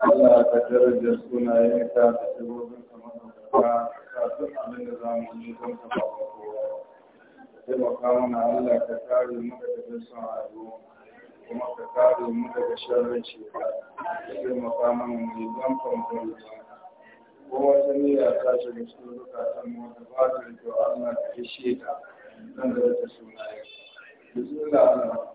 Allah ka darajar sunayenka da shigogin kamar da ka duk abin da za mu yi don ka ba mu kowa. Taimaka mana Allah ka kare mu daga dusan rayuwa kuma ka kare mu daga sharrin shekara. Taimaka mana mu yi don ka mu don Ko wata niyya ta shiga cikin zukatan mu da ba ta da kyau Allah ka ishe ta don da wata sunayenka. Bismillah Allah.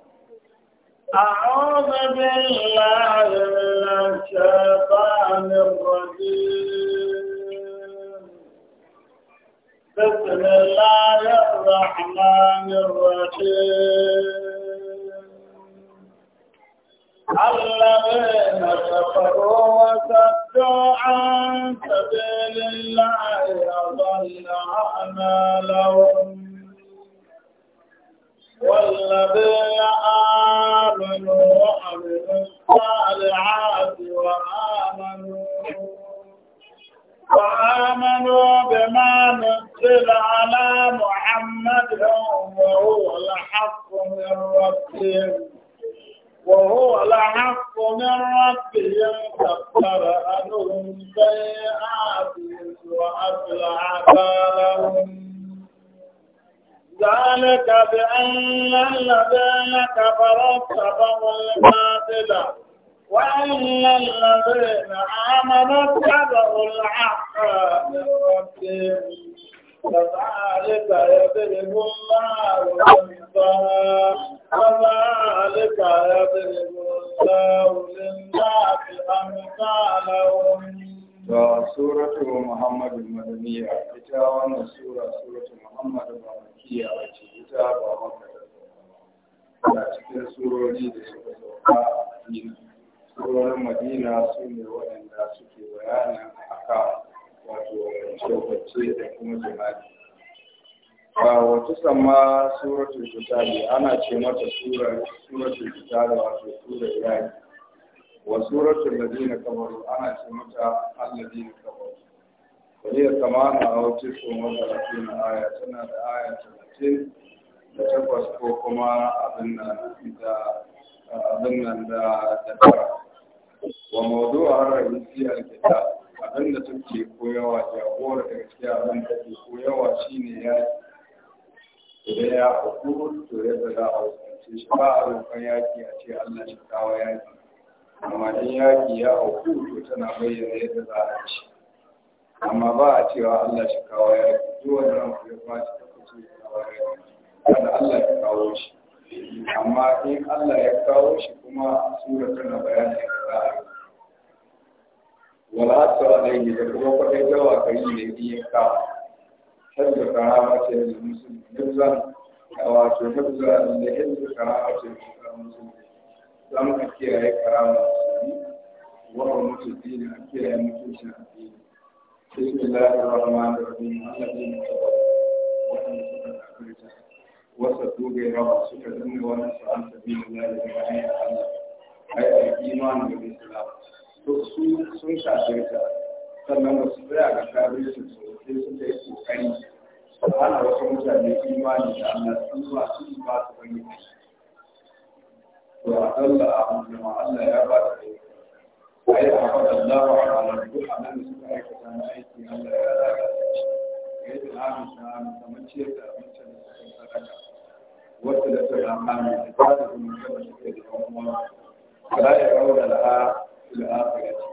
أعوذ بالله من الشيطان الرجيم بسم الله الرحمن الرحيم الذين كفروا وصدوا عن سبيل الله أضل أعمالهم والذين آمنوا وعملوا الصالحات وآمنوا وآمنوا بما نزل على محمد وهو الحق من ربهم وهو الحق من ربهم كفر عنهم سيئاتهم وأصلح بالهم ذلك بأن الذين كفروا اتبعوا الباطل وأن الذين آمنوا اتبعوا الحق كذلك يضرب الله الأمثال كذلك يضرب الله للناس أمثالهم سورة محمد المدنية إتاوان سورة سورة محمد المدنية kiyawa ce ita ba maka da zama cikin surori da suka sauka a madina surorin madina su ne waɗanda suke bayanin haka wato wance-wance da kuma jihadi a wata sama suratul fitali ana ce mata suratul fitali wato surar yaki wa suratul ladina kamaru ana ce mata alladina kafaru وهي كمان أو تسع Tana da سنة آية sittin da takwas ko kuma abin nan da abin nan da da tara wa mawdu'a a raisi al-kitab abin da take koyawa jagora da gaskiya abin da take koyawa shi ne ya idan ya hukuru to ya zaga a hukunce shi ba a roƙon yaki a ce Allah shi kawo yaki amma in yaki ya hukuru to tana bayyana yadda za a ci amma ba a cewa Allah shi kawo yaki duk wannan ya ba shi wanda Allah ya kawo shi amma in Allah ya kawo shi kuma sura tana bayani da za a wala hasu alaihi da kuma kwaɗai dawa ka yi da iya ka hajjar karama ce da musulmi hibzan wato hibzan da hibzar karama ce da musulmi za mu ka kiyaye karama musulmi wa mutu dini a kiyaye mutuncin addini بسم الله الرحمن الرحيم الذين تبارك waɗanda suka kafirta wasa doge rawa suka dinga wani sa'an sabi da lalata da hanyar Allah ai a imani da Islam to su sun kafirta sannan ba su tsaya ga kafirta su sai suka yi kokari su hana wasu mutane imani da Allah su ba su ba su bane to a Allah a hannun Allah ya ba da kai ai a faɗa Allah wa ala duk abin da suka aikata na aiki Allah ya lalata ya yi hami shahami kamar ciyar da abincin da cikin sadaka wata da ta rahami da ta da zumunta da suke da yan za ya kawo da la'a fil'afirati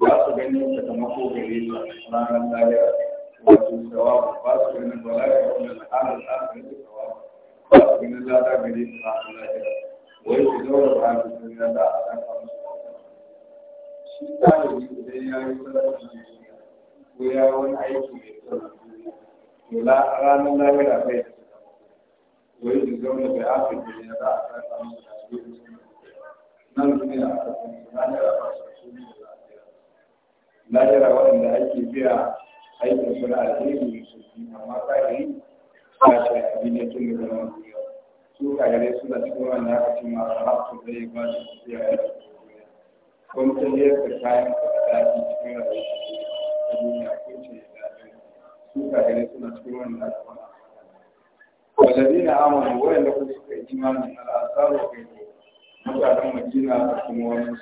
ba su gani sakamako gare ta ranar lahira wato sawabu ba su gani ba la ya kawo da la'a fil'afirati sawabu ba su gani lada gare ta ranar lahira wai su zaura ba su gani lada a kan kamar shi ɗalibi idan ya yi sadaka ko ya wani aiki mai kyau to la ranar lahira bai da wai da zaune bai aka ke da za a kasa musu da su yi nan duniya a kasan lahira ba su su ne da lahira waɗanda ake biya aikin suna alheri su yi amma yi. ba ce a duniya tun da zama duniya su kagare suna cikin wanda aka ce ma a haftu da ya ba su biya aikin duniya kuma ta yi yadda kayan da ta cikin rayuwa a duniya kun ce su suna cikin wannan al'umma والذين آمنوا وإن لكم سكة إيمان من الأنصار وغيرهم mutanen Madina da kuma wani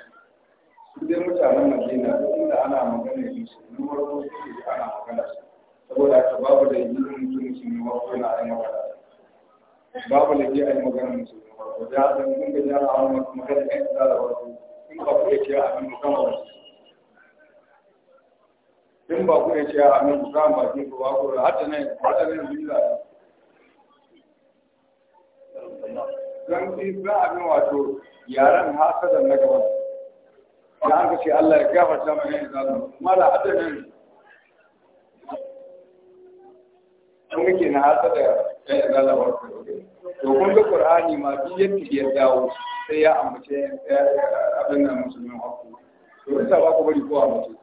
su dai mutanen Madina duk inda ana magana da su ne farko suke ana magana su saboda haka babu da yin mutum musulmi farko na ai magana babu da ke yi magana musulmi farko da haka mun ga jama'a magana kai da wasu in ba ku yake a kan mutum ba in ba ku ya ce amin ku sa ba ku ba ku hada ne hada ne mu da dan shi ba abin wato yaran hasadan na gaba da an ce Allah ya gafarta mana yin zalunci mala hada ne kun yake na hasada da ya zalaba to kun ga Qur'ani ma bi yadda ya dawo sai ya ambace abin nan musulmin hakku to sai ba ku bari ko ambace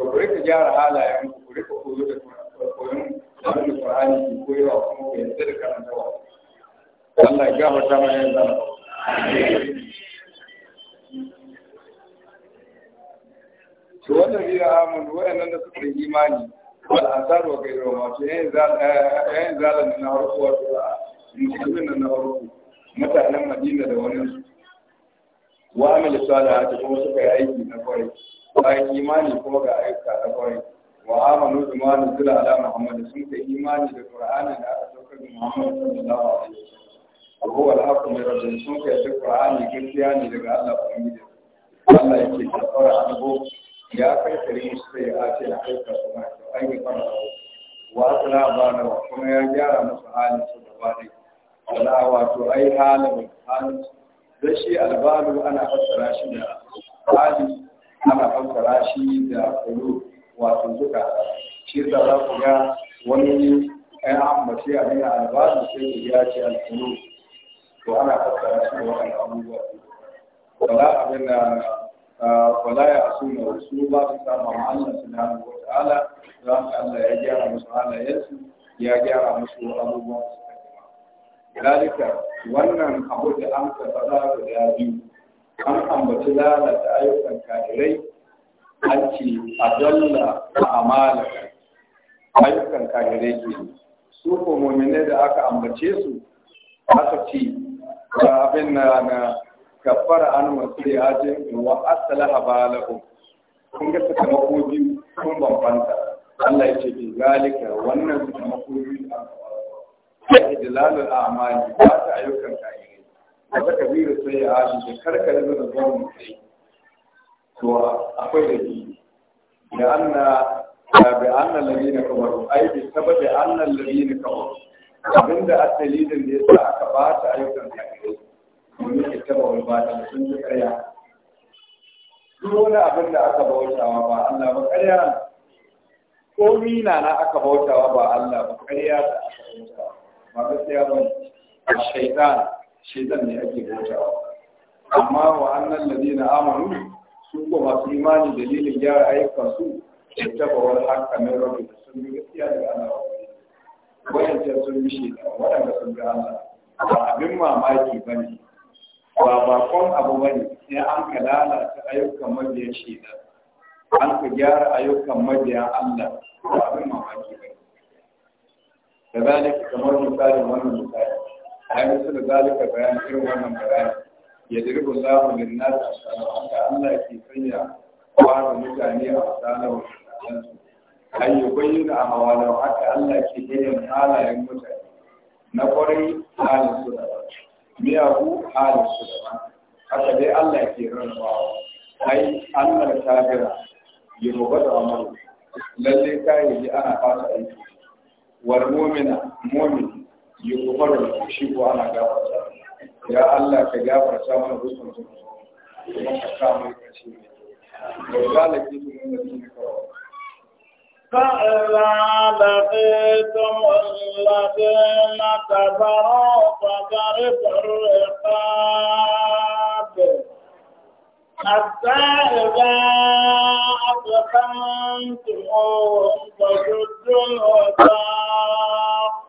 to ku rika gyara halayen ku ku rika koyo da koyon abin da Qur'ani ke koyawa kuma ku yarda da karantawa Allah ya gama gafarta mana yanzu amin to wannan zira amon wa'annan da suka yi imani wal asar wa gairu ma to yayin eh, zalan na harko wato musulmin na harko mutanen Madina da wani su wa amil salihati kuma suka yi aiki na kwarai bayan imani kuma ga ayyuka na kwarai wa amanu bima nuzila ala muhammad sun kai imani da qur'anin da aka saukar da muhammad sallallahu alaihi wasallam huwa al-haqqu min rabbihim sun kai da qur'ani gaskiya ne daga Allah ko ubangiji Allah yake tsara abu ya kai kare shi sai ya ce a kai ka kuma to ai ga fara wa asra bana wa kuma ya gyara musu halin su da bani wala wato ai halin halin da shi albalu ana fassara shi da hali ana fassara shi da kulu wato zuka shi da za ku ga wani ɗan ambace a nuna albazu sai ku ya ce alkulu to ana fassara shi da wani abubuwa wala abin da wala ya asu na wasu ba su samu Allah subhanahu wa ta'ala za su Allah ya gyara musu halayensu ya gyara musu abubuwan su kalima. Dalika wannan abu da an ka faɗa da biyu an ambaci lalata ayyukan kadirai an ce a dalla a amala ayyukan kadirai ke su ko muminai da aka ambace su aka ce ga abin na na gafara an wasu da yajin wa a balahu kun ga kama kogi kun bambanta Allah ya ce bi zalika wannan su kama kogi a ba su ya idilalul amali ba ta ayyukan kadirai wata kabiru sai ya ashi da karkar zuwa zuwa mutai to akwai da ji da anna bi anna ladina kafaru ai bi sababi anna ladina kafaru abinda asalin da yasa aka ba ta ayyukan kafirai domin ita ba wani ba ta sun ji karya duk wani abin da aka bautawa ba Allah ba karya ko mina na aka bautawa ba Allah ba karya da aka bautawa ba gaskiya ba shaitan shaitan ne ake bautawa amma wa annal ladina amanu su ko masu imani dalilin gyara ayyukan su tabawar hakka min da sun bi gaskiya da Allah wayancan sun bi shaitan wadanda sun bi ana ba abin mamaki bane ba bakon abu bane sai an ka lalata ayyukan mabiyan shaitan an ka gyara ayyukan mabiyan Allah ba abin mamaki bane da kamar misalin wannan misali ai musul zalika bayan irin wannan bayani ya dirbu lahu lin nas asalawa Allah ke sanya wa mutane a asalawa ai ya bayyana a hawalau haka Allah ke bayyana halayen mutane na kwarai halin su da miyagu halin su da haka dai Allah ke rarrabawa ai annal kafira ya rubu da amaru lalle kai ana fata aiki wal mu'mina mu'min yunwarin shi ko ana gafarta ya Allah ka gafarta mana dukkan zunubi kuma ka sa mai kashi mai ya lake su mun da ne kawai فإذا لقيتم الذين كفروا فضرب الرقاب حتى إذا أثخنتموهم فشدوا الوثاق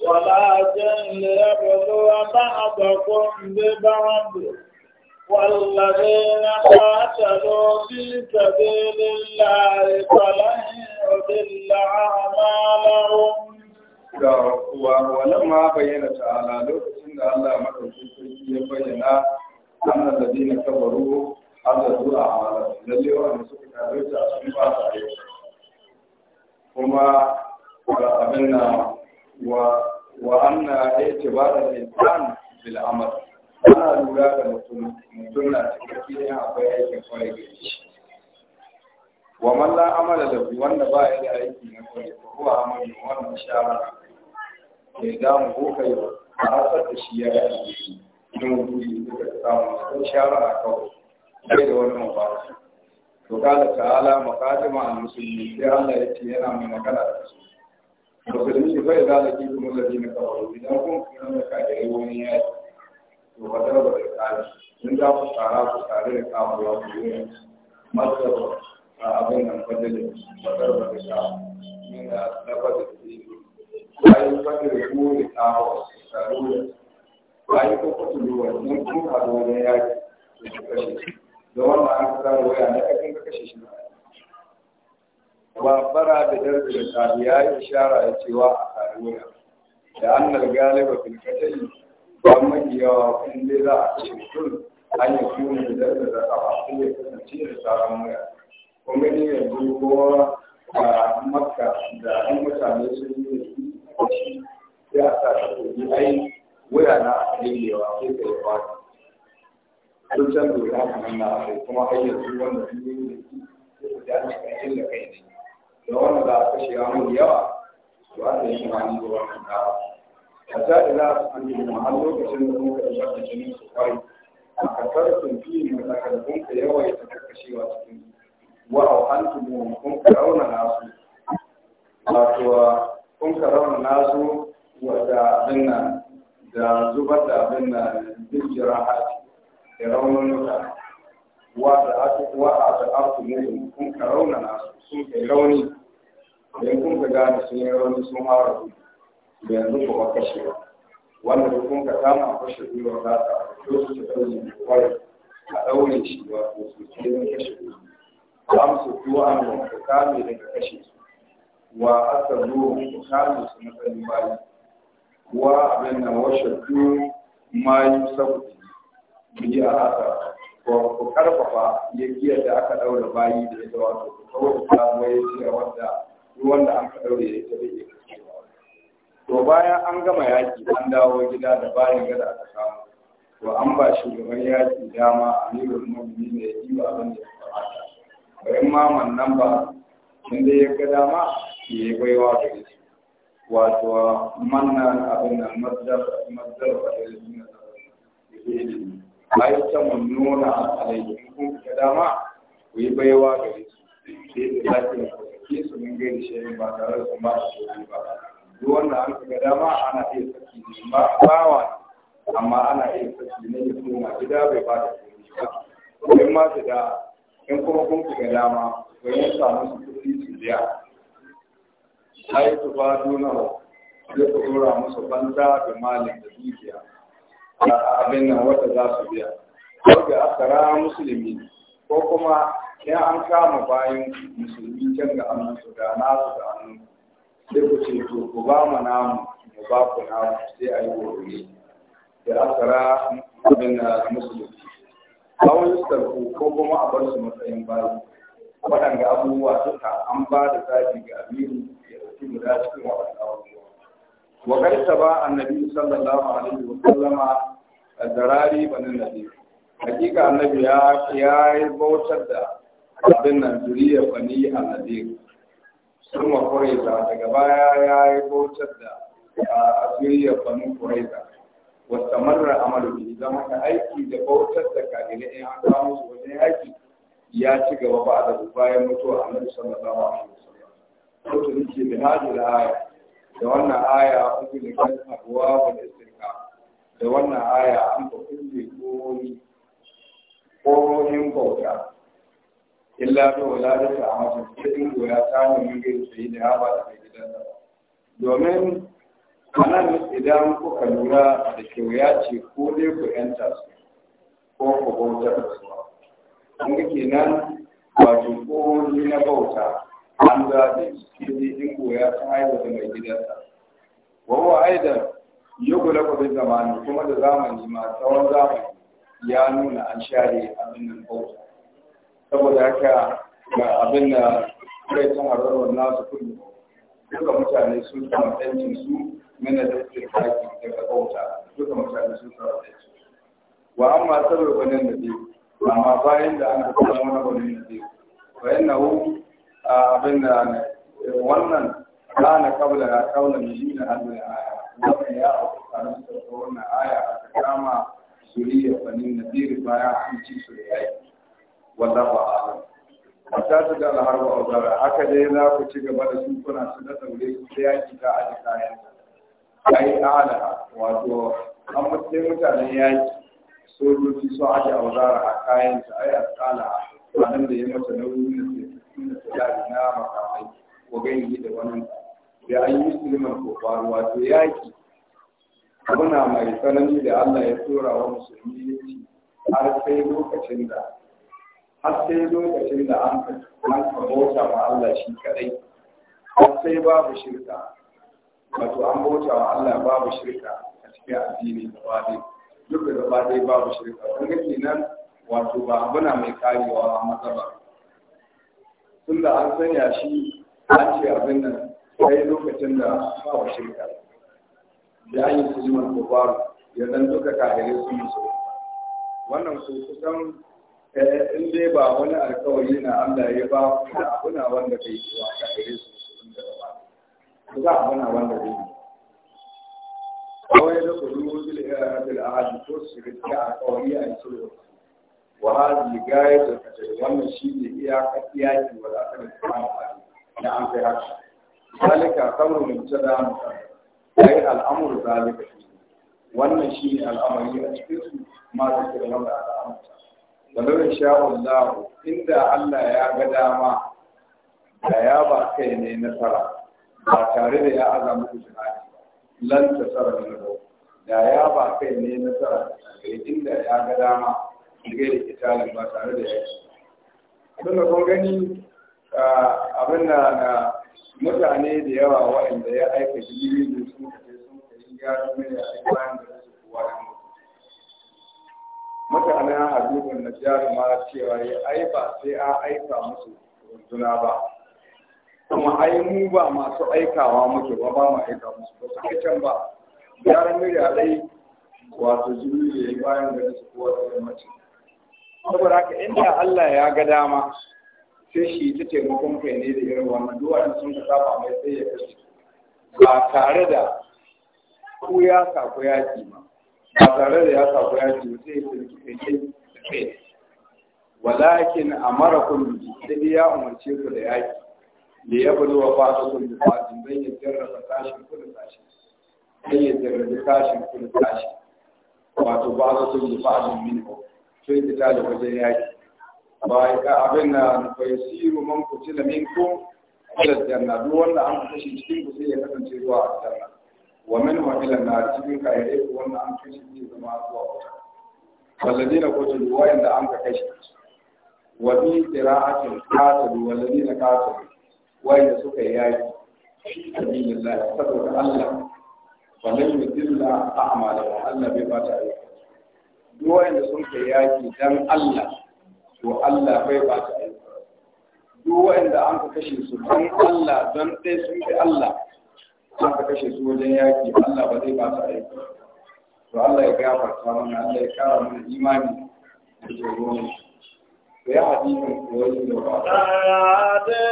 ولكن يبلغ بعضكم ببعض والذين قاتلوا في سبيل الله فلن يضل اعمالهم ga kuwa wannan ma bayyana ta ala lokacin da Allah ya maka sunki ya bayyana annan da dina kabaru Allah zuwa amala da lewa ne suka kare ta a cikin kuma ga abin nan wa ya ce ba da insan bil amal ana lura da mutum mutum na cikin ne akwai aikin kwarai da shi wa man la amala da wanda ba ya da aiki na kwarai ko huwa amalu wannan shahara ne da mu ko kai a rasar da shi ya yi aiki don gudu da ka samu sun shahara kawai sai da wani mafaka to kala ta'ala maqadima a muslimin sai Allah ya ce yana mai magana da su musulmi bai za da kifin musulmi na kawai idan kun kuma da kajirai wani ya yi to ba da é da kare sun za ku tsara ku tare da kamuwa ku yi masu a não nan fadilin ba da ba não é min da na fadilin bayan fadilin ku da kawo tsaro não bayan ko kusa da é kun haɗu wani yaki da kashe não é an kasa waya na ƙarfin kashe shi ba Babara da darbin kafi ya ishara ya cewa a kariya da annar galiba fil katali ba mafi kun dai za a kashe mutum an yi kuma da darbin da kafa sun ya kasance da tsaron waya kuma ne a da mutane sun yi sai a sa sun kuma da kai ne da wanda za a kashe mun yawa to an da shi ma da wannan dawa hatta idza an yi ma har lokacin da kuka da wata jini su kwai a kasar sun fi ne da karfin ka ta kashewa wa nasu abin da zubar da abin nan bijira hati da raunin mutane wa da aka wa a da aka ne kun ka rauna na su sun kai rauni idan kun ka gane sun yi rauni sun fara ku yanzu ku ba kashe ba wanda da kun ka kama kashe gwiwa za ta fito su ta ɗaure kwarai a ɗaure shi wato su ce mun kashe gwiwa za mu su tuwa an da ku kame daga kashe su wa aka zuwa ku kame su matsayin bayi wa abin nan washe tu mayu saboda a aka ku karfafa yankiyar da aka daura bayi da ita wato ku kawo da samuwa ya wanda ruwan da aka daure ya ita bai iya to bayan an gama yaki an dawo gida da bayan gada aka samu to an ba shugaban yaki dama amirul mu'minin da ya yi ba abin da ya kamata bayan ma nan ba inda ya ga dama ya yi baiwa da shi wato mannan abin nan mazdar mazdar da ya yi na da ya yi bayan ta nuna alaikin kun da dama ku yi baiwa gare su sai da lafiya ku su mun da shi ba tare da sun ba su shi ba duk wanda an ga dama ana iya saki ne ba bawa amma ana iya saki ne ya kuma gida bai ba da kuɗi ba in ma su da in kuma kun ga dama ku yi samu su kuɗi su biya ai su ba duna sai ku dora musu banza da malin da dukiya abin nan wata za su biya wadda aka musulmi ko kuma ya an kama bayan musulmi can ga su da na su da hannu? sai ku ce to ku ba mu namu mu ba ku namu sai a yi wuri da asara abin da musulmi kawai sarku ko kuma a bar su matsayin bayan waɗanda abubuwa suka an ba da zafi ga amiru ya ɗauki guda cikin waɗanda abubuwa wa karta ba annabi sallallahu alaihi wa sallama zarari banin nabi hakika annabi ya yi bautar da abin Najeriya zuriyar bani annabi sun wa kuraiza daga baya ya yi bautar da zuriyar bani kuraiza wata marar amalu idan zama aiki da bautar da kagina in an kawo su aiki ya ci gaba ba da bayan mutuwa annabi sallallahu alaihi wa sallam. Sautu nake da hajjul aya da wannan aya uku da kan abuwa wa sirka da wannan aya an ba da kori korohin bauta illa ta wala da ta amsa cikin goya ta ne mun gaisu yi da haba da mai gidan da domin anan idan kuka lura da ya ce ko dai ku yanta su ko ku bautar da su kun ga kenan wato ni na bauta an da ta cikin iko ya ta haihu da mai gidansa wawa aidan yugula ku bin zamani kuma da zamani ma tsawon zamani ya nuna an share abin nan bauta saboda haka ga abin da kai ta hararwar nasu kudu duka mutane sun samu ɗancin su mana da suke kaki daga bauta duka mutane sun samu ɗancin wa amma saboda gwanin da biyu amma bayan da an kuma wani gwanin da biyu bayan na hu abin da eh, wannan kana kabla na kaula mai shi na hannun aya wannan ya auku tare da wannan aya aka kama suriya bani nadir bayan an ci su da yaki wallahu a'lam ta su da alharba auzara haka dai za ku ci gaba da su kuna su da daure su ta yaki ta aji kayan yi ala wato an mutum mutanen ya yaki sojoji sun aji a auzara a kayan su ai a tsala a nan da ya mata nauyi min sujari na makamai ko gani da wani da an yi musulman kofar wato yaki muna mai tsanani da Allah ya tura wa musulmi ya ci har sai lokacin da har sai lokacin da an an bauta wa Allah shi kadai har sai babu shirka wato an bauta wa Allah babu shirka a cikin addini gaba ɗaya duk da gaba ɗaya babu shirka kun ga kenan wato ba abuna mai karewa a ba. tunda an sanya shi an ce abin nan yi lokacin da ba wa shirka Ya yi su jiman kubaru ya zan duka kahire su musu wannan su kusan eh, in dai ba wani alkawari na Allah ya ba kuna abuna wanda bai yi wa kahire su musu da ba ku za abuna wanda bai yi kawai da kudu wajen da ya rabu da eh, ahadi ko su shiga cikin alkawari a yi sulhu wa hadhihi gayatul qadr wannan shine iyaka iyaki wa la ta subhanahu wa ta'ala da an kai haka zalika kamar mun tada mutum ai al'amur zalika wannan shine al'amari a cikin su ma da ke wanda aka amsa walau insha Allah inda Allah ya ga dama da ya ba kai ne nasara ba tare da ya azamu ku jihadi lan tasara ne da ya ba kai ne nasara inda ya ga dama shigar da italin ba tare da yaki don da kun gani abin da na mutane da yawa waɗanda ya aika jirgin da sun kace sun kai gyaran mai da aiki bayan da su kuwa da mutane a hadubun na jihar ma cewa ya aiba sai a aika musu runduna ba kuma ai mu ba masu aikawa muke ba ba mu aika musu ba su kicin ba gyaran mai da dai wato jirgin da ya bayan da su kuwa da mace saboda haka inda Allah ya ga dama sai shi ta taimakon kai ne da irin wannan duwa sun ka saba mai sai ya kashe ba tare da ku ya saku ya ji ba ba tare da ya saku ya ji ba sai ya taimakon kai da kai walakin amarakum sai ya umarce ku da yaki da ya bulu wa fasu kun da fasu dan ya jarraba tashin kun da tashin dan ya jarraba tashin kun da tashin wato ba su sun da fatin minimum sai da tali wajen yaki ba ya abin na fayasiru man kutila minkum ila janna duk wanda an kashe cikin ku sai ya kasance zuwa aljanna wa min wa ila na cikin ka yayi wanda an kashe cikin zama zuwa wuta walladina qutilu wa inda an ka kashe wa bi qira'atin qatalu walladina qatalu wa inda suka yaki fi sabilillah saboda Allah wa lam yudilla a'malahum Allah bai bata duk wanda sun kai yaki dan Allah to Allah bai ba su aiki duk wanda an ka kashe su don Allah don ɗaya sun fi Allah an ka kashe su wajen yaki Allah ba zai ba su aiki to Allah ya gafarta mana Allah ya kara mana imani da tsoron ya ko koyi da ba. Ta yadda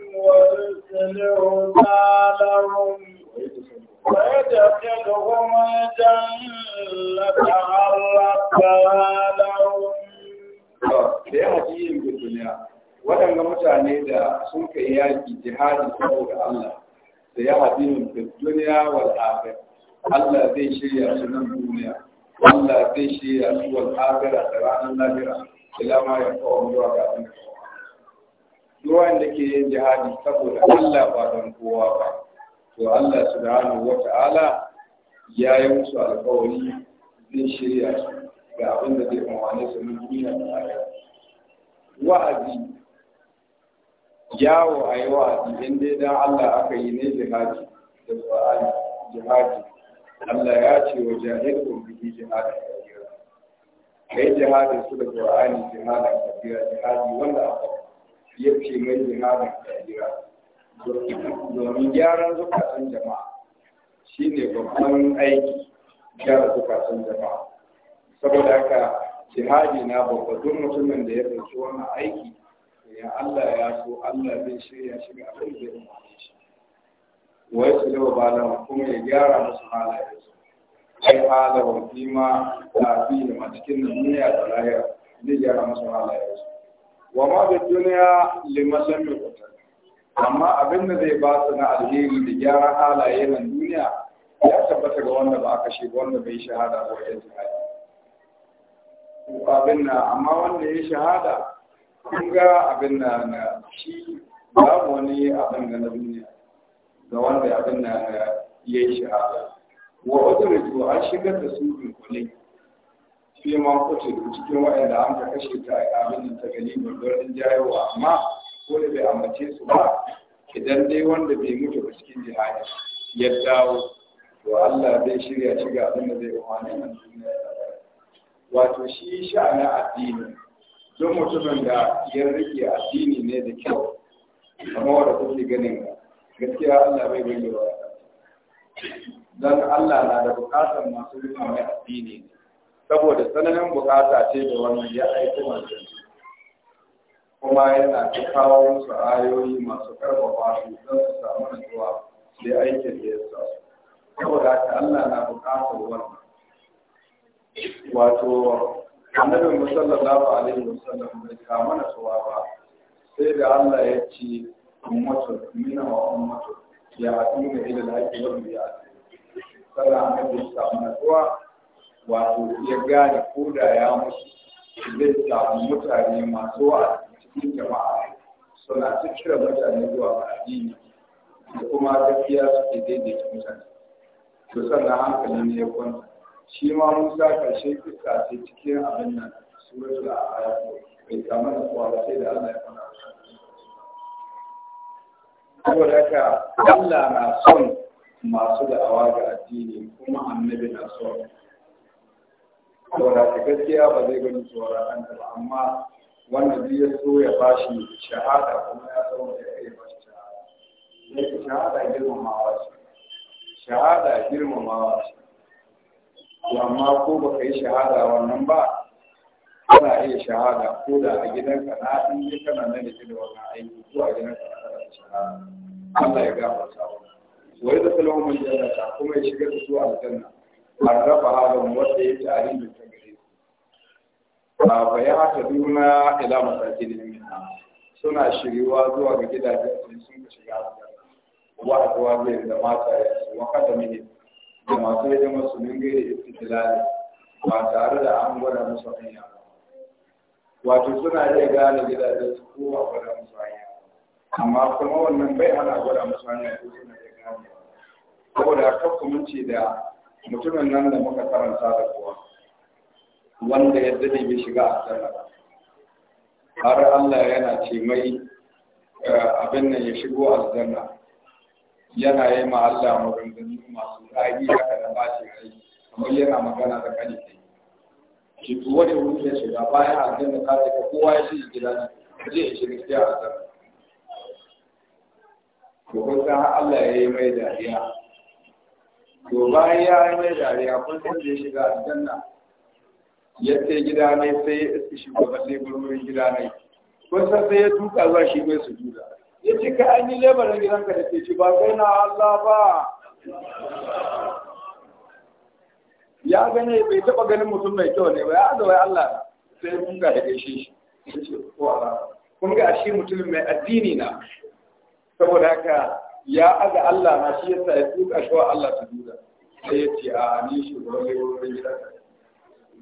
yin wasu ne wa ويدخلهم الجنة عرفها لهم sai hadiyin da duniya waɗanda mutane da sun kai yaƙi jihadi saboda Allah da ya hadiyin da duniya wal akhir Allah zai shirya su nan duniya Allah zai shirya su wal akhir da ranar lahira ila ma ya kawo zuwa ga Allah duk ke yin jihadi saboda Allah ba don kowa ba to Allah subhanahu wa ta'ala ya yi musu alƙawari, zai shirya su ga abin da zai amfane su na duniya da lahira wa'azi yawo a yi wa'azi in dai dan Allah aka yi ne jihadi da ba'ani jihadi Allah ya ce wa jahilkum bihi jihadi kabira kai jihadi su da ba'ani jihadi kabira jihadi wanda aka yace mai jihadi kabira domin gyaran zukatun jama'a shi ne babban aiki gyara zukatun jama'a saboda haka jihadi na babba duk mutumin da ya ɗauki wannan aiki ya Allah ya so Allah zai shirya shi ga abin da ya umarce shi wai su da balan kuma ya gyara musu su ai halawan fima lafiya ma cikin duniya da lahira zai gyara musu su wa ma bi duniya limasan mai kuta amma abin da zai ba su na alheri da gyaran halaye nan duniya ya tabbata ga wanda ba a kashe ba wanda bai shahada ba wajen jihadi abin na amma wanda ya shahada kun ga abin na na shi babu wani abin da na duniya ga wanda abin na na ya yi shahada wa udritu an shigar da su bin kulli fiye ma kutu cikin wa'anda an ka kashe ta abin da ta gani gurgurin jayewa amma ko da bai ambace su ba idan dai wanda bai mutu ba cikin jihadi ya dawo to Allah zai shirya shi ga abin da zai wani nan duniya wato shi sha'anin addini don mutumin da ya rike addini ne da kyau kamar wanda kuke ganin gaskiya Allah bai bayyana dan Allah na da bukatar masu rikon addini saboda sanannen bukata ce da wannan ya aiko manzanni kuma yana ta kawo musu ayoyi masu karfafa su don su samu nutsuwa da aikin da ya sa su saboda haka Allah na buƙatar wannan wato annabi musallallahu alaihi wasallam bai samu nutsuwa ba sai da Allah ya ce ummatu mina wa ummatu ya haɗu da ilal haƙi wa biya sannan annabi ya samu nutsuwa wato ya gane ko da ya mutu zai samu mutane masu wa'azi cikin jama'a suna ta kira mutane zuwa ga addini da kuma gaskiya suke daidaita mutane to sannan hankali ne ya kwanta shi ma musa karshe iska ce cikin abin nan suratul a'raf bai samu da kowa sai da Allah ya fara saboda haka Allah na son masu da'awa ga addini kuma annabi na son saboda haka gaskiya ba zai gani tsoron ba amma wanda zai ya so ya shi shahada kuma ya so ya kai shi shahada ki shahada girmamawa ce shahada girmamawa ce to amma ko baka yi shahada wannan ba kana iya shahada ko da a gidanka na in ji kana nan da wannan aiki ko a gidanka na kana shahada Allah ya gafarta wa wai da salamu mun janna kuma ya shiga da su aljanna an rafa halin wanda ya tare da ba fa ya ta duna ila masakin minna suna shiriwa zuwa ga gidajen su sun ka shiga wa azwa bi da mata ya su wa kada mini da masu yaje masu min gaire istidlal ba tare da an gwada musu hanya wato suna iya gane gidajen su ko a gwada musu hanya amma kuma wannan bai ana gwada musu hanya ko suna iya gane saboda kakkumunci da mutumin nan da muka karanta da kuwa? wanda yadda ne bai shiga aljanna har Allah yana ce mai eh, abin nan ya shigo aljanna yana yi ma Allah maganganu masu tsari kada ba shi rai kamar yana magana da kani kai shi to da wuce ya shiga bayan aljanna ka kowa ya shiga gida ne je ya shiga a aljanna to kun san Allah ya yi mai dariya to bayan ya yi mai dariya kun san da ya shiga aljanna ya ce gida ne sai ya iske shugaban leburorin gida ne Ko sai ya duka zuwa shi mai su juda ya ce ka an yi lebarin ka da ke ci ba kai na Allah ba ya gane bai taba ganin mutum mai kyau ne ba ya azawai Allah sai mun ga da shi shi ya ce kun ga shi mutumin mai addini na saboda haka ya aga Allah na shi yasa ya duka shi wa Allah su juda sai ya ce a ni shugaban leburorin gidanka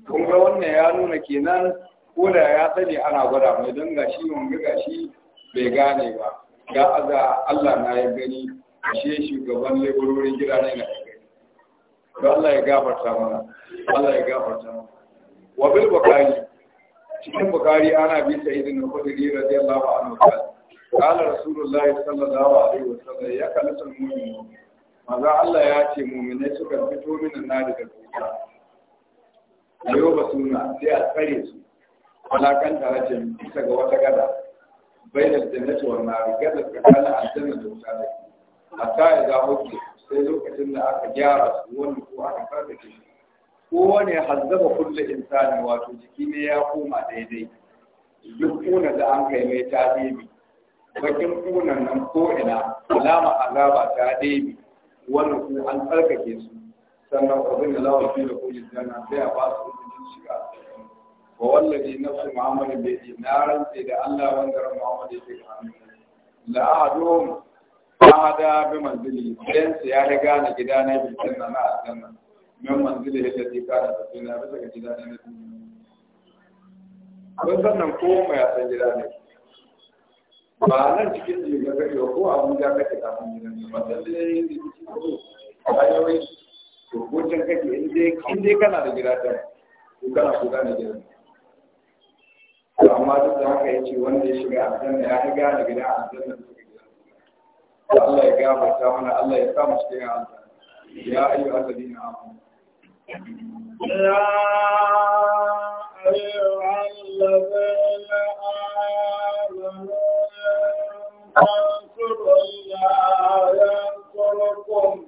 kun ga wannan ya nuna kenan ko da ya sani ana gwada mai don gashi wanga gashi bai gane ba ya aza Allah na ya gani shi shugaban laifurorin gida ne na gani don Allah ya gafarta mana Allah ya gafarta mana wa bil bukari cikin bukari ana bi sa'idin al-khudri radiyallahu anhu قال رسول الله صلى الله عليه وسلم يا كلمة المؤمنون maza Allah ya ce muminai suka fito min na daga duniya da yau ba suna sai a tsare su alakan tarajin bisa ga wata gada bainar jannatu wa nari gada tsakanin aljanna da wuta ne hatta ya za hoke sai lokacin da aka gyara su wani ko aka farfake shi kowane hazzaba kulle insani wato jiki ne ya koma daidai duk kuna da an kai mai debi bakin kunan nan ko ina alama azaba ta debi wani ko an tsarkake su sannan ƙwarin da lawa fi da kogin janna sai a ba su izinin shiga wa wallafi nafsu muhammadu bai ce na rantse da allah wanda ran muhammadu ya ce ga hannu la'adun ahada bi manzili dan su ya riga na gida na bi janna na aljanna min manzili da ke kana da sunna bisa ga gida na duniya kun sannan ko mai san gida ne ba nan cikin jiga kake ko abuja kake kafin gidan ba sai dai yin da cikin ko ayoyi to wajen kake in dai kana da gida ta ko kana kula da gida to amma duk da haka yace wanda ya shiga aljanna ya riga da gida aljanna to Allah ya gafarta mana Allah ya sa mu cikin aljanna ya ayyuhal ladina amanu يا أيها الذين آمنوا انصروا الله ينصركم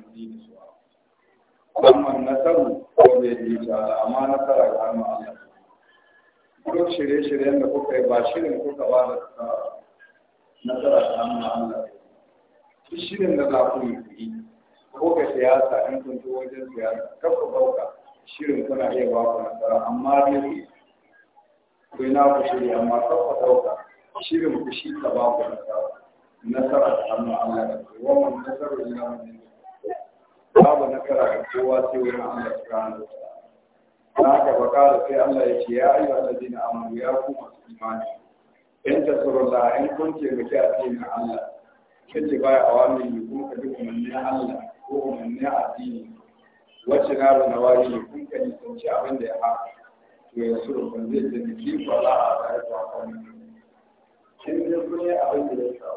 amma nasaru ko bai yi ta amma nasara ga hannun Allah duk shirye-shiryen da kuka yi ba shirin kuka ba da nasara ga hannun Allah duk shirin da za ku yi ko ga siyasa in kun ci wajen siyasa kar ku ɗauka shirin kuna iya ba ku nasara amma dai ku na ku shiri amma kar ku ɗauka shirin ku shi ka ba ku nasara nasara ga hannun Allah da ku wannan nasarar ila mun babu nakara ga kowa sai wurin Allah subhanahu wa ta haka bakara sai Allah ya ce ya ayyuha alladhina amanu ya ku masu imani in da in kun ce a cikin Allah kace baya awa ne kuma ka bi umarnin Allah ko umarnin addini wacce na rana wari kun ka nisanci abin da ya haka to ya suru ban zai taimaki ba za a tare da kwanan kin ne kun yi abin da ya sa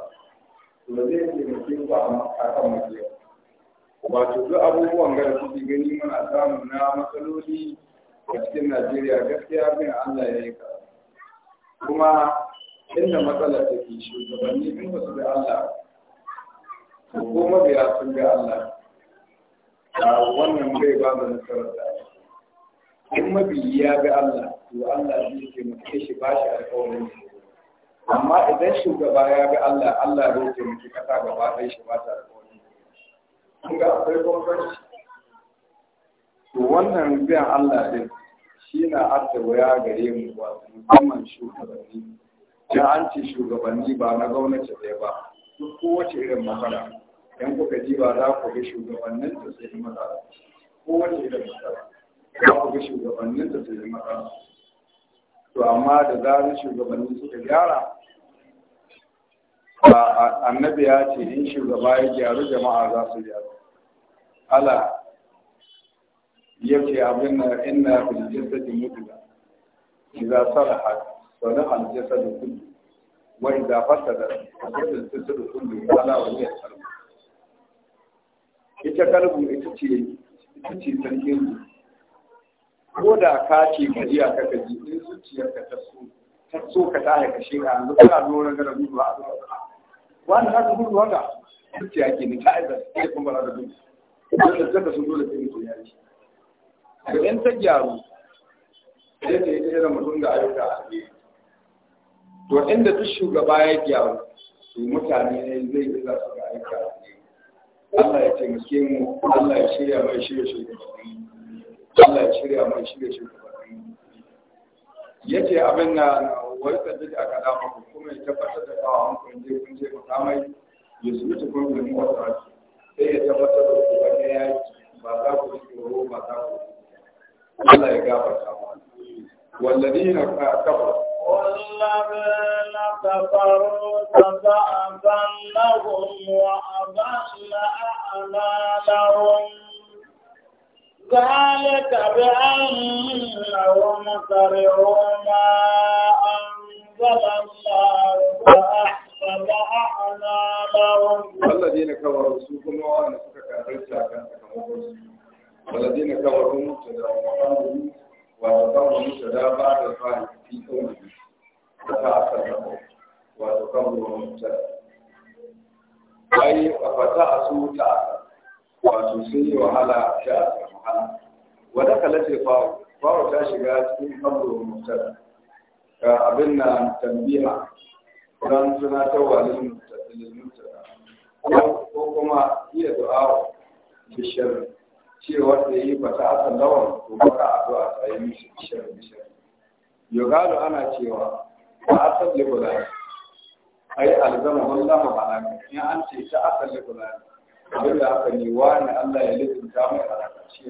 Ba zai taimaki ba a kan mutum wato duk abubuwan ga kuke gani mana samun na matsaloli a cikin Najeriya gaskiya bin Allah ya yi ka kuma inda matsala ta ke shugabanni in ba su bi Allah ko mabiya sun bi Allah a wannan bai ba da nasarar da in mabiyi ya bi Allah to Allah zai taimake shi ba shi alƙawarin amma idan shugaba ya bi Allah Allah zai taimake kasa gaba ɗaya shi ba ta kun ga akwai bambanci to wannan biyan Allah din shi na addawaya gare mu ba musamman shugabanni da an ce shugabanni ba na gwamnati ɗaya ba duk kowace irin matsala yan kuka ji ba za ku ga shugabannin da su yi matsala kowace irin matsala za ku ga shugabannin da su yi matsala to amma da zarar shugabanni suka gyara annabi ya ce in shugaba ya gyaru jama'a za su gyaru ala yake abin na inna bil jasadi mudga idza salaha salaha al jasadu kullu wa idza da fasada al da kullu ala wani hiya qalb ita kalbu ita ce ita ce sarkin ko da ka ce ka a aka ka ji in ka ta so ta so ka ta haika shi ka yanzu kana nuna gara gudu a zuwa wani za ka gudu haka zuciya ke ni ta aiza sai kuma ba za gudu da zaka sun dole sai ya ci to in ta gyaru sai ta yi ta mutum da ayyuka a to inda duk shugaba ya gyaru to mutane ne zai yi za su ga ayyuka Allah ya taimake mu Allah ya shirya mai shirya Allah ya shirya mai shirya yace abin na wai sabbi da aka dama kuma ya tabbatar da kawo hankali kun je kun je mutamai ya kun da mu wata sai ya tabbatar da ku wani ya yi ba za ku ji tsoro ba za ku Allah ya gafarta mu والذين كفروا والذين كفروا تتأذنهم وأضل أعمالهم ذلك بأنهم كرهوا ما أنزل الله فأحبط فدعنا لهم والذين كفروا سوكم وانا سكك كان والذين كفروا مبتدا وقالوا وقالوا مبتدا بعد الفاعل في كونه فتعصبوا وتقولوا مبتدا أي فتعصوا تعصب وتسيء على شاء محمد ودخلت الفاعل فاعل تشجع في قبره مبتدا abin na tambiya don tunatarwa lilmuntaka ko kuma iya du'a bishir cewa da yi ba ta asan lawan ko bara addu'a ta yi mishi bishir bishir yogalo ana cewa ba a sabli a ai alzama wallahi ma'ana in an ce ta asalli kula abin da aka ne wani Allah ya litinta mai halaka shi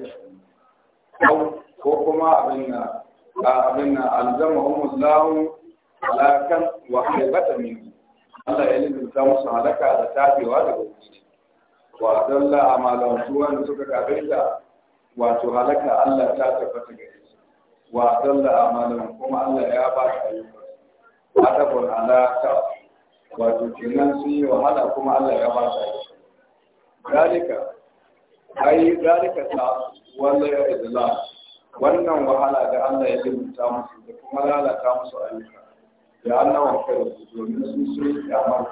ko kuma abin na abin na alzama umullahu alakan wa haibata min Allah ya lindunta musu halaka da tafewa daga wuri wa dalla amalan su da suka kafirta wato halaka Allah ta tabbata gare su wa dalla amalan kuma Allah ya ba su ayyuka adabun ala ta wato kenan sun yi wahala kuma Allah ya ba su ayyuka dalika ai dalika ta wala ya idlam wannan wahala da Allah ya lindunta musu da kuma lalata musu ayyuka لأنه خير الصدور من السوسية يعمل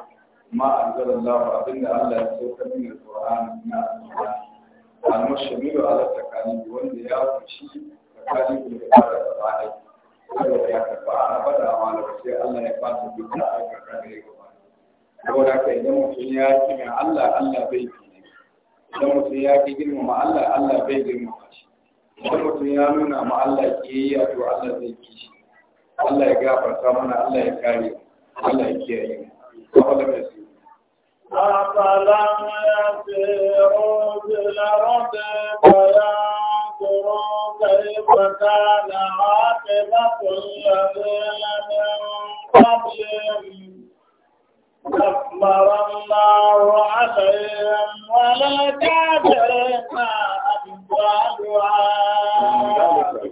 ما أنزل الله أبن الله يسوك من القرآن من القرآن المشمل على التكاليف والذي يعرف شيء تكاليف العبادة الصالحة Allah ya karɓa ana faɗa a malam sai Allah ya fasa duk da aka karɓa ne gaba. Saboda haka idan mutum ya ki mai Allah Allah bai ki ne. Idan mutum ya ki girmama Allah Allah bai girmama shi. Idan mutum ya nuna ma Allah kiyayya to Allah zai ki shi. Allah ya gafarta mana Allah ya kare Allah ya kiyaye Allah ya tsare أفلم يسيروا في الأرض فينظروا كيف كان عاقبة الذين من قبلهم أكبر الله عليهم ولا كافرين أمثالها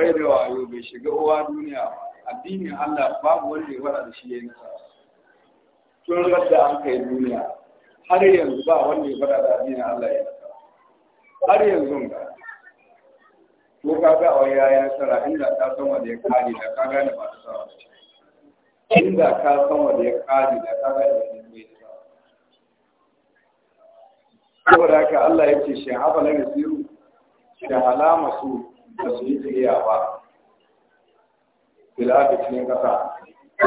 bai da wayo bai shiga uwa duniya addinin Allah babu wanda ya fara da shi yayin sa tun da an kai duniya har yanzu ba wanda ya fara da addinin Allah ya har yanzu ga ko ka ga wa yayan tsara inda ka san wanda ya kare da ka gane ba ta sa inda ka san wanda ya kare da ka gane ba ta sa saboda haka Allah ya ce shi hafa na nasiru da halama su ba su yi tsiriya ba filafi cikin ƙasa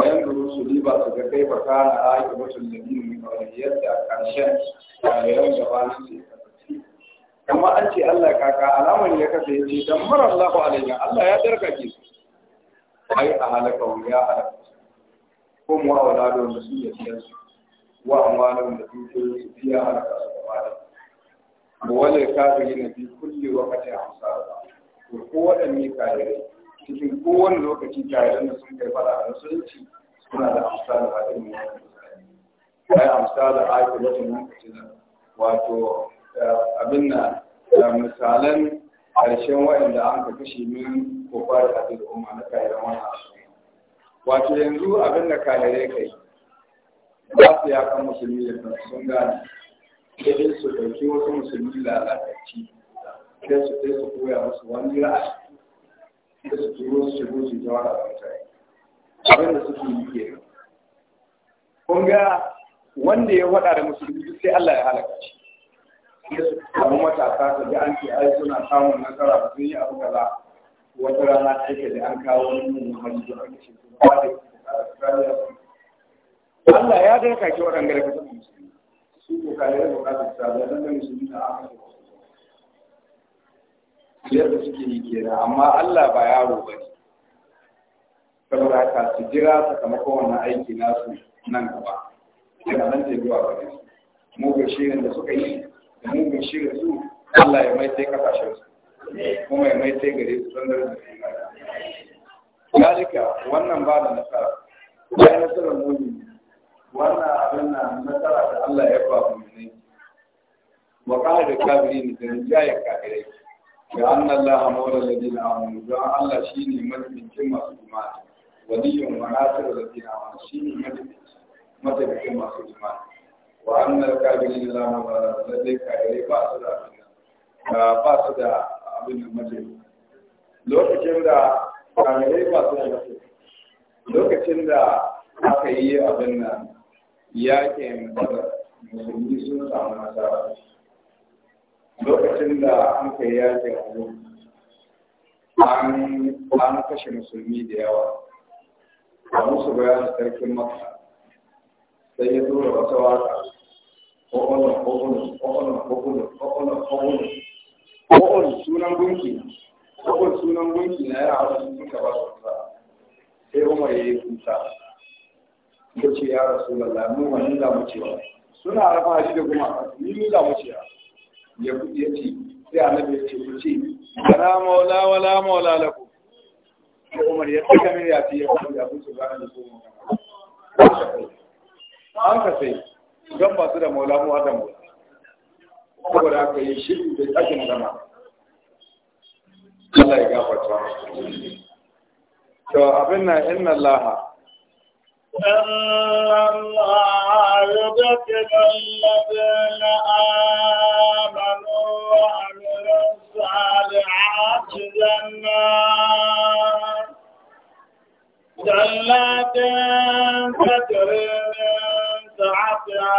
bayan duru su riba su ga kai ba kana aiki mutum da yin mawariyar da ƙarshen kamiran ba su ya kasance kuma an ce Allah kaka alamar ya kasa ya ce dan mara Allah alayya Allah ya tsarkake su ai a halaka ya halaka ko mu aula da su ya tiyar su wa amwalan da dukiyoyin su fiya halaka su gaba da wale kafiri na bi kulli wakati hamsa to ko waɗanne kayayyaki cikin kowane lokaci kayayyaki da sun kai fada a suna da amsa da haɗin mu ai amsa da ake wata lokaci na wato eh, abin na eh, misalan ƙarshen da an ka kashe min kofar da haɗin umma na kayan wannan wato yanzu abin da kayayyaki kai ba su yakan musulmi da sun gane sai su ɗauki wasu musulmi lalatacci sai su sai su koya musu wani ra'ayi sai su turo su shigo su jawara da mutane abin da suke yi ke kun ga wanda ya faɗa da musulmi sai Allah ya halaka shi sai su samu matasa su ji an ce ai suna samun nasara ba sun yi abu kaza wata rana take da an kawo wani mun hali da an ce ba da Allah ya darka ki waɗanda da kasan musulmi su ko kare da bukatar sa da dan musulmi da aka yadda suke yi kenan amma Allah ba yaro ba ne saboda haka su jira sakamakon wannan aiki nasu nan gaba yana nan ce zuwa gare su mugun shirin da suka yi da mugun shirin su Allah ya mai sai kasashen su kuma ya mai sai gare su sandar da su galika wannan ba da nasara ya yi nasarar muni wannan abin na nasara da Allah ya ba mu ne wa qala da kafirin da jayyaka ilayhi ya anna Allah mawla alladhina amanu don Allah shine majibincin masu imani waliyun wa nasir alladhina amanu shine majibincin majibincin masu imani wa anna al-kafirin la mawla alladhina kafirai ba su da ba su da abin da majibi da ba su da majibi lokacin da aka yi abin nan yakin musulmi sun samu nasara lokacin da muka yi yaƙi a an kashe musulmi da yawa a musu da sarkin maka sai ya tura wata waka ƙwaƙwalon ƙwaƙwalon ƙwaƙwalon ƙwaƙwalon ƙwaƙwalon ƙwaƙwalon ƙwaƙwalon sunan gunki sunan gunki na yara wasu suka ba su sai umar ya yi kusa ya ce ya rasu lallah mu wani za mu cewa suna rafa shi da kuma ni za mu cewa ya ya ce sai annabi ya ce ku ce ana maula wala maula lakum sai umar ya fi min ya fi, ya ku ya ku subhana da kuma an ka sai don ba su da maula mu adam saboda haka yi shiru da ake zama. Allah ya gafarta to abin na inna Laha. إن الله يدخل الذين آمنوا وعملوا الصالحات جنات جنات تجري من تحتها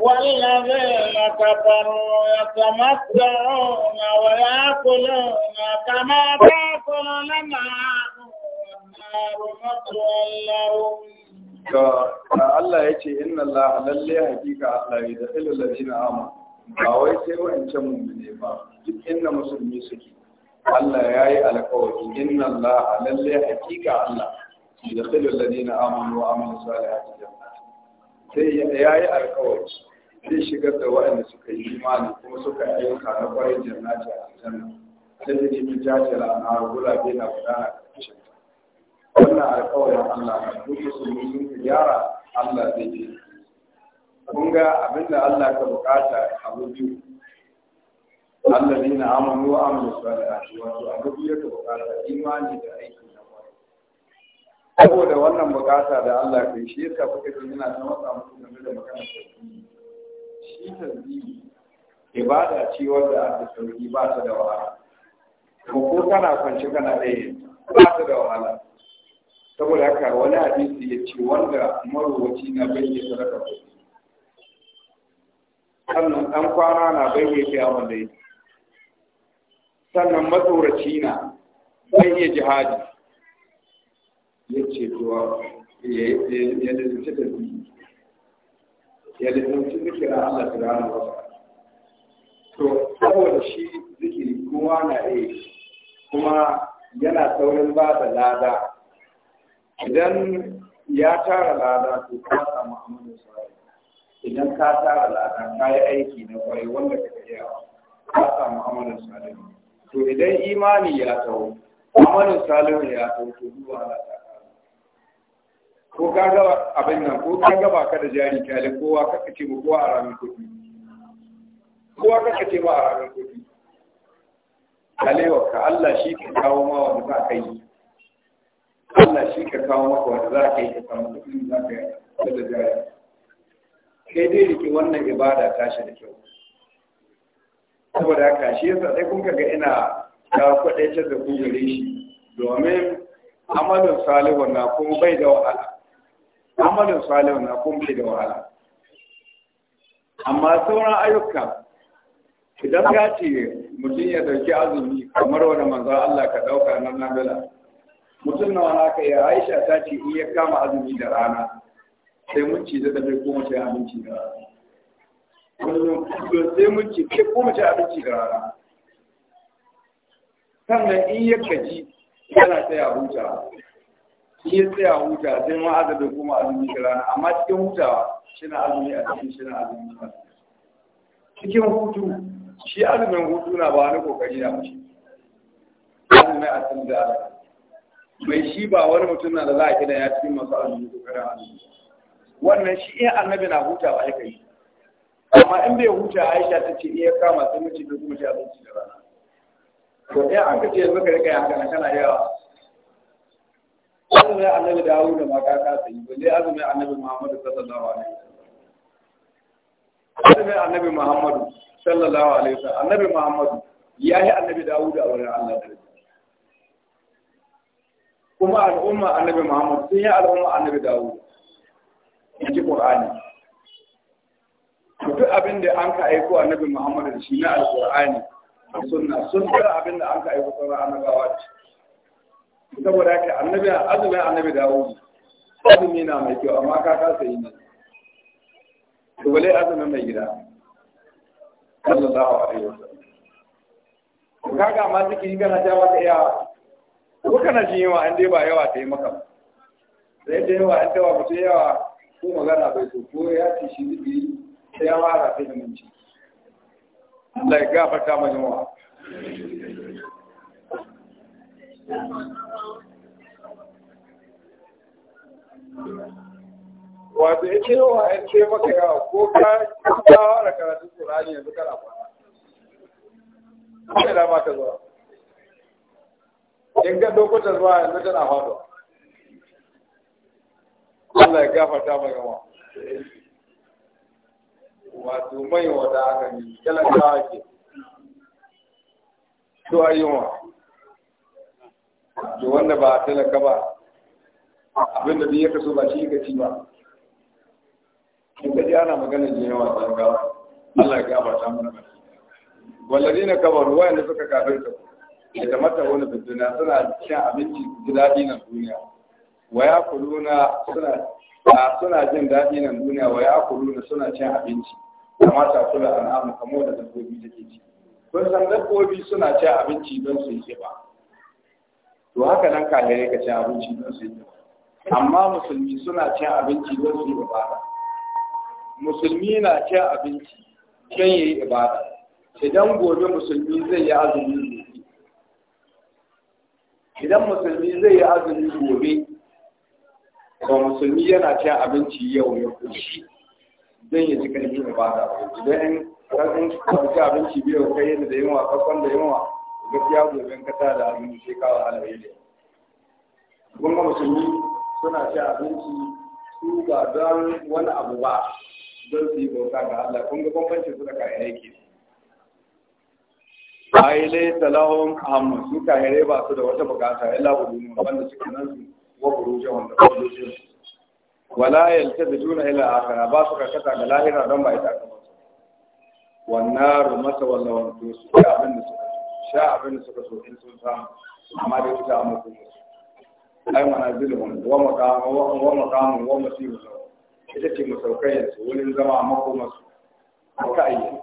والذين كفروا يتمتعون ويأكلون كما تأكل النار Allah ya ce inna Allah lalle hakika Allah ya dafi lalazina ama ba wai sai wa'ancan mummune ba duk inda musulmi suke Allah ya yi alƙawari, inna Allah lalle hakika Allah ya dafi lalazina amanu wa amalu salihati jannati sai ya yi alƙawari, zai shigar da waɗanda suka yi imani kuma suka yi ayyuka na kwarin jannati a aljanna sai da ji ta jira na gulabe na gudana wannan alƙawarin Allah ne ko su sun yi gyara Allah zai ji kun ga abinda Allah ka bukata abu biyu Allah ne na amanu wa amanu salihati wato abu biyu ka bukata imani da aiki na wani saboda wannan bukata da Allah kai shi yasa kuka ji yana ta matsa muku game da magana tauhidi shi tauhidi ibada ce wanda aka sauki ba ta da wahala ko kana kwance kana ɗaya ba ta da wahala saboda haka wani hadisi ya ce wanda marowaci na bayyana sadaka ko sannan 'dan kwana na bayyana kiyamun da yake sannan matsoraci na bayyana jihadi ya ce tuwa ya lalace da biyu ya lalace zikirin Allah ta rana wasa to saboda shi zikiri kowa na iya kuma yana saurin ba da lada idan ya tara lada to ka samu amana sa'i idan ka tara lada ka yi aiki na kwarai wanda ka iya ka samu amalin sa'i to idan imani ya taho amalin salihu ya tawo to zuwa ala ta ko ka gaba abin nan ko ka gaba baka da jari kyalin kowa ka kace mu kowa a ramin kuɗi kowa ka kace ba a ramin kuɗi kalewa ka Allah shi ke kawo ma wanda za ka yi Allah shi ka kawo maka wanda za ka yi ka samu kuɗin za ka yi da jari kai dai da ke wannan ibada tashi da kyau saboda haka shi sa, sai kun ga ina ta kwaɗaitar da ku gare shi domin amalin salihu na kuma bai da wahala amalin salihu na kuma bai da wahala amma sauran ayyuka idan ka ce mutum ya ɗauki azumi kamar wani manzo Allah ka ɗauka nan gala. mutum nawa aka yi a aisha ta ce in ya kama azumi da rana sai mun ci da dafe ko mace abinci da rana kullum sai mun ci ke ko mace abinci da rana sannan in ya kaji yana tsaya huta in ya tsaya huta sai ma azabe kuma azumi da rana amma cikin hutawa shi na azumi a cikin shi na azumi cikin hutu shi azumin hutu na ba wani kokari na mace azumi a cikin da mai shi ba wani mutum na da za a kira ya cikin masu alamu ko kare azumi wannan shi iya eh, annabi na huta ba aika yi amma in bai huta aisha ta ce iya eh, kama sai mace ta kuma a zuci da rana to in eh, an ka ce yanzu ka rika yankana na kana yawa zai annabi da hau da maka ka yi balle azumi annabi muhammadu sallallahu alaihi wasallam azumin annabi muhammadu sallallahu alaihi wasallam annabi muhammadu ya yi annabi dawo da auren allah da kuma al'umma annabi Muhammad sun yi al'umma annabi Dawud in ji Qur'ani duk abin da an ka aiko annabi Muhammad da shi na alqur'ani da sunna sun fara abin da an ka aiko sauran annabawa ce saboda yake annabi azumin annabi Dawud azumi na mai kyau amma ka kasa yi ne to wale azumin mai gida sallallahu alaihi wasallam kaga ma zikiri kana ta wata iya ko kana jin yawa an dai ba yawa ta yi maka sai da yawa an tawa mutum yawa ko magana bai so ko ya ci shi zubi sai ya fara ta himanci Allah ya gafarta mai yawa wato ya ce yawa ya ce maka yawa ko ka kawo da karatun tsorani yanzu kana kwana. Ina ya ba ta zuwa. in ga lokutan zuwa yanzu tana faɗo Allah ya gafarta mai gama wato mai wata aka ne talakawa ke to wa? to wanda ba talaka ba abinda da ya kaso ba shi ka ci ba in ka ji ana maganar jin yawa talakawa Allah ya gafarta mana wallazina kabaru ne suka kafirta da mata wani binduna suna cin abinci ji daɗi na duniya wa ya kuluna suna suna jin daɗi na duniya wa ya kuluna suna cin abinci da mata kula an amu kamo da dabbobi da ke ci kun san dabbobi suna cin abinci don su yi ba to haka nan kahirai ka cin abinci don su yi amma musulmi suna cin abinci don su yi ibada musulmi na cin abinci don yi ibada idan gobe musulmi zai yi azumi idan musulmi zai yi azumi gobe ba musulmi yana cin abinci yau ya kushi yi cikin yi ba da bada idan karfin kwanci abinci biyu kai yadda da yawa kakwan da yawa gaskiya gobe ka sa da azumi sai kawo halaye da kun ga musulmi suna cin abinci su ba don wani abu ba don su yi bauta ga Allah kun ga bambancin su da kayan yake ai laisa lahum hammun su kahire ba su da wata bukata illa budunu wanda suke nan su wa buruje wanda buruje wala juna ila akhira ba su ka kasa ga lahira don ba ita kuma wannan rumasa wallan wanto su ga abin da suka sha abin da suka so in sun samu amma dai ita amma su ai mana wani wa maqamu wa maqamu wa masiru ita ce masaukai su wurin zama makomasu ka ayyana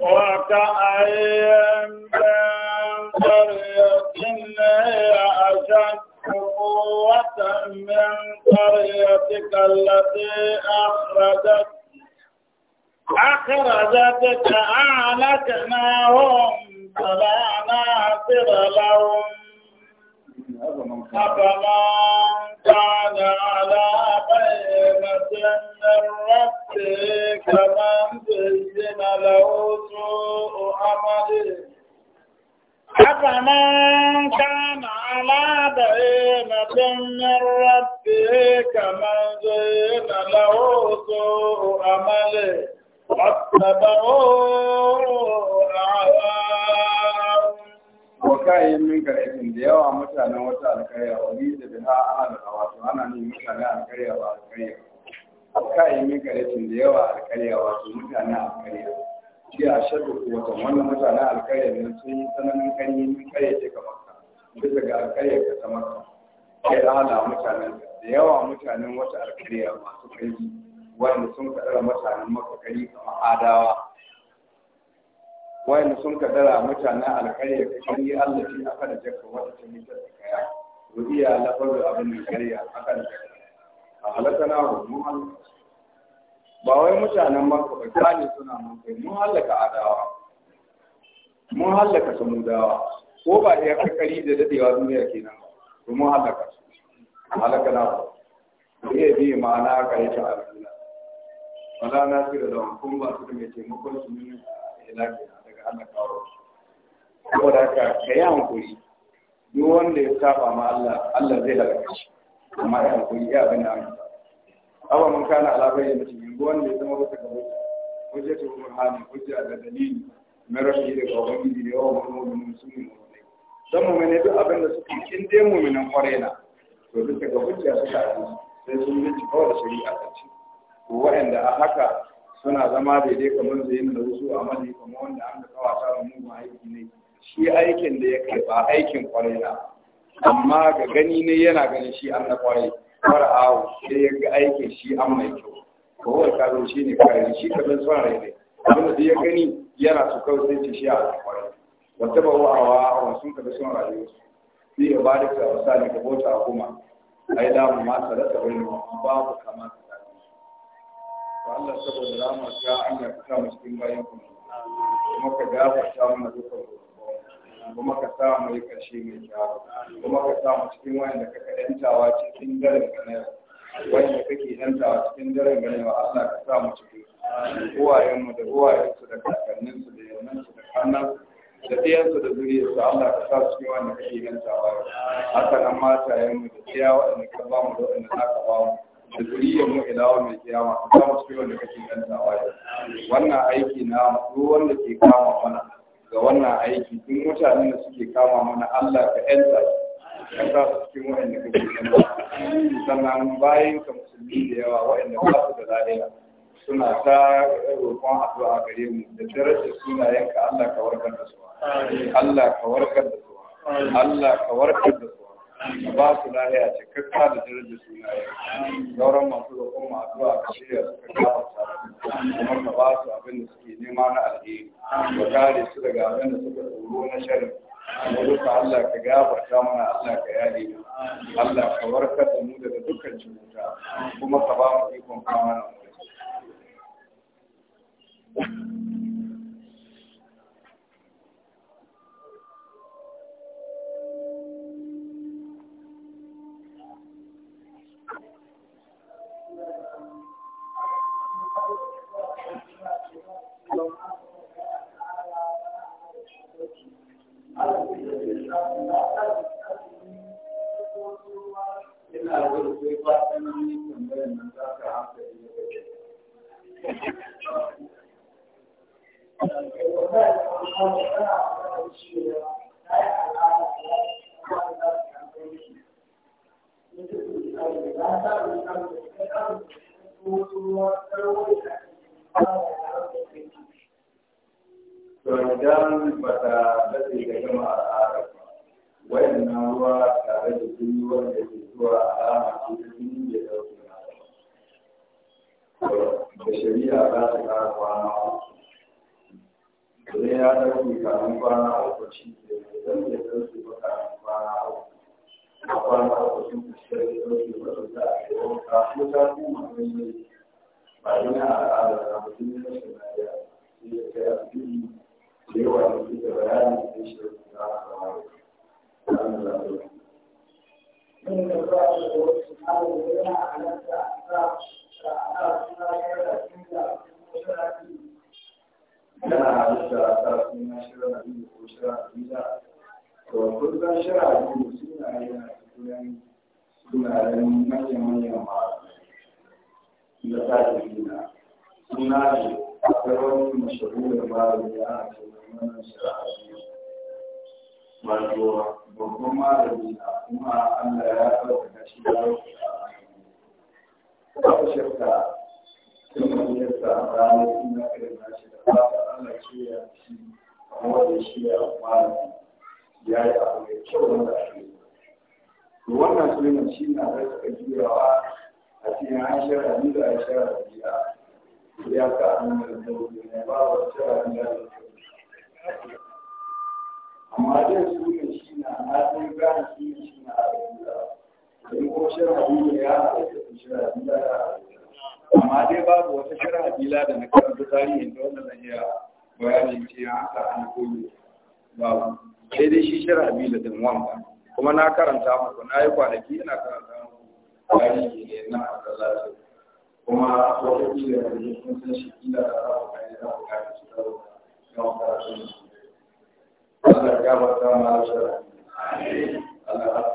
وكأين من قرية هي أشد قوة من قريتك التي أخرجت أخرجتك أهلكناهم فلا ناصر لهم أفمن كان على Yawa mutanen wata alkariya, wani da ta ana da wato ana ne mutane alkariya ba alkariya. yi min karyacin da yawa alkarya wato mutanen alkarya shi a shaɗu wata wannan mutanen alkarya ne sun yi tsananin kanyi min karyace ka maka bisa ga alkarya ka ta maka kai ala mutanen da yawa mutanen wata alkarya masu kai wanda sun kaɗara mutanen maka kai kamar adawa wanda sun kaɗara mutanen alkarya ka kai Allah shi aka da jaka wata ta mitar da kaya rubiya lafazin abin da karya aka da jaka ba wai mutanen maka ba kane suna mun kai mun halaka adawa mun halaka ko ba kakari da dadewa duniya kenan mun halaka halakana wa bi ma'ana ka yi ta'aruna wala na su da ba su da mai taimakon su ne daga Allah kawo saboda haka ka yi hankuri duk wanda ya saba ma Allah Allah zai halaka shi amma ya hankuri ya abin da awa mun kana ala da cikin yanzu da ya zama bisa ga hujja hujjatu burhani hujja da dalili na rashin da ga ubangiji da yawan mu'minin musulmi Don dan mu'minai duk abin da suke kin dai mu'minan kwarai na to bisa ga hujja suka yi sai sun yi kawai da shari'a ta ce ko waɗanda a haka suna zama daidai kamar zai yin da wasu mali kamar wanda an ka kawata wa mu aiki ne shi aikin da ya kai ba aikin kwarai na amma ga gani ne yana ganin shi an na kwarai fara'ahu sai ya ga aikin shi an mai kyau ko wani karo shi ne kayan shi kamar son rai ne abinda da ya gani yana su kawo sai ce shi a kwarai wata ba wa'awa sun wasu kaga son rayuwarsu bi ya ba da kawo sa daga bota a kuma a yi damu ma tsare wani ba babu kama ta tsare Ba Allah saboda rama ta an yarda samu cikin bayan kuma kuma ka gafarta mana dukkan kuma ka sa mu yi ƙarshe mai kyawu kuma ka sa mu cikin wanda kaka ɗantawa cikin daren ganewa wanda kake ɗantawa cikin daren ganewa Allah ka sa mu cikin uwayenmu da uwayensu da kakanninsu da yannansu da kannansu da ɗiyansu da zuriyarsu Allah ka sa cikin wanda kake ɗantawa haka nan matayenmu da tsaya waɗanda ka ba mu da waɗanda za ka ba mu da zuriyar mu ilawa mai kiyama ka sa mu cikin wanda kake yantawa wannan aiki na duk wanda ke kama mana ga wannan aiki duk mutanen da suke kama mana Allah ka yanta ka sa su cikin waɗanda ka cikin sannan bayan ka musulmi da yawa waɗanda ba su da lafiya suna ta roƙon addu'a gare mu da darajar sunayenka Allah ka warkar da su Allah ka warkar da su Allah ka warkar da su ka ba su lahiya cikakka da darajar sunaye sauran masu roƙon addu'a ka shirya su ka kafa kuma ka ba su abin da suke nema na alheri ka kare su daga abin da suka tsoro na sharri mu duka Allah ka gafarta mana Allah ka yare mu Allah ka warkar da mu daga dukkan cuta kuma ka ba mu ikon kama na wato babban malami na kuma Allah ya ɗaukaka shi da babu shakka sun majalisa ranar sun na kare na shi da fata Allah ce ya fi kuma da shi ya malami ya yi abu mai kyau wanda ake to wannan sunan shi na da suka jurawa a cikin aisha da ni da aisha da biya ya ka annabi da a shakka da amma dai su shi na hannun gane su shi na hannun da ko shirhabi ne ya halatta su ya babu wata la da na karanta tarihin da wanda zan iya bayanin ce ya haka an babu sai dai shi da din wanda kuma na karanta muku na yi kwanaki ina karanta Allah ya gafarta mana shara Allah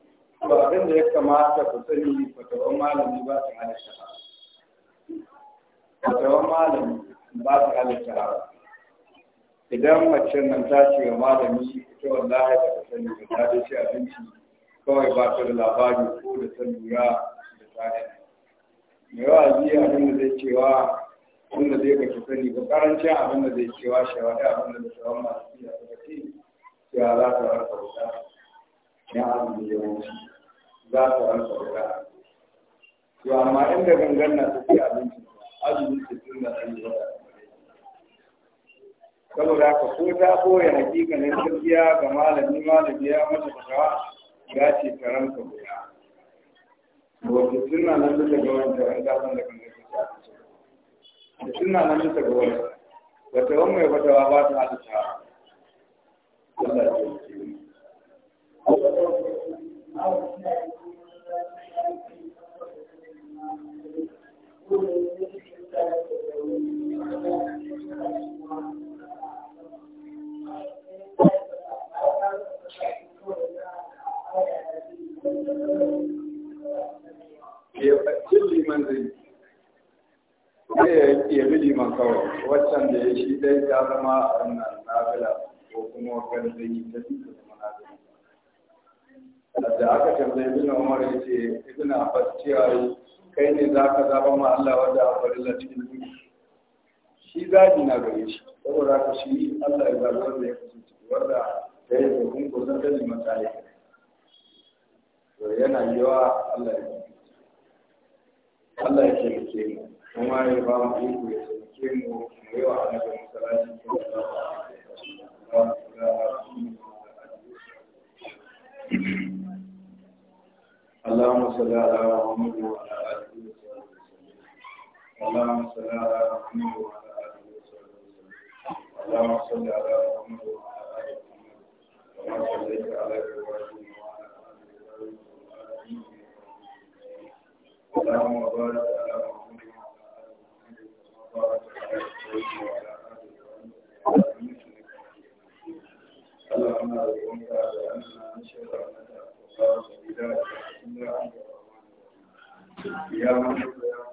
to abin da ya kamata ku sani fatawan malami ba su halitta idan mace nan ta ce wa malami ita ta sani ba ta abinci kawai ba ta da ko da ta lura da tsarin mai yawa zai abin da zai cewa wanda zai da abin da masu ta za ta rasa wuta ya abin da wuce. za su rasa wuta to amma inda gangan na tafi abinci azumi su tun da sun yi saboda haka ko ta koya hakikanin gaskiya ga malami malami ya mata fatawa ya ce ta ranka wuta wata suna nan da ga wanda an san da kanka da suna nan da ga wanda wata wani mai fatawa ba ta hada ta Allah liman zai sai ya yabi liman kawai waccan da ya shi dai ta zama a wannan nafila ko kuma wakan zai yi ta duka zama nafila da aka tambaye ibn umar ya ce ibn abbas cewa kai ne za ka zaba ma Allah wanda a farilla cikin duka shi zaɓi na gare shi saboda ka shi Allah ya zaɓi wanda ya kasance wanda ya yi da kun kusan da liman ta yi yana yiwa Allah ya Allah ya ce kuma ya ba ya ce mu yawa a nan masallaci ko da ba mu ga Allah mu salla ala Muhammad wa ala alihi wa sahbihi Allah mu salla ala wa ala alihi wa Allah mu salla ala wa ala alihi wa Allah mu salla ala wa ala alihi wa اللهم بارك على محمد وعلى آل محمد كما باركت على إبراهيم وعلى آل إبراهيم إنك حميد مجيد اللهم أعلمك على أننا نشهد أنك أنت الله ولا إله إلا أنت الرحمن الرحيم يا من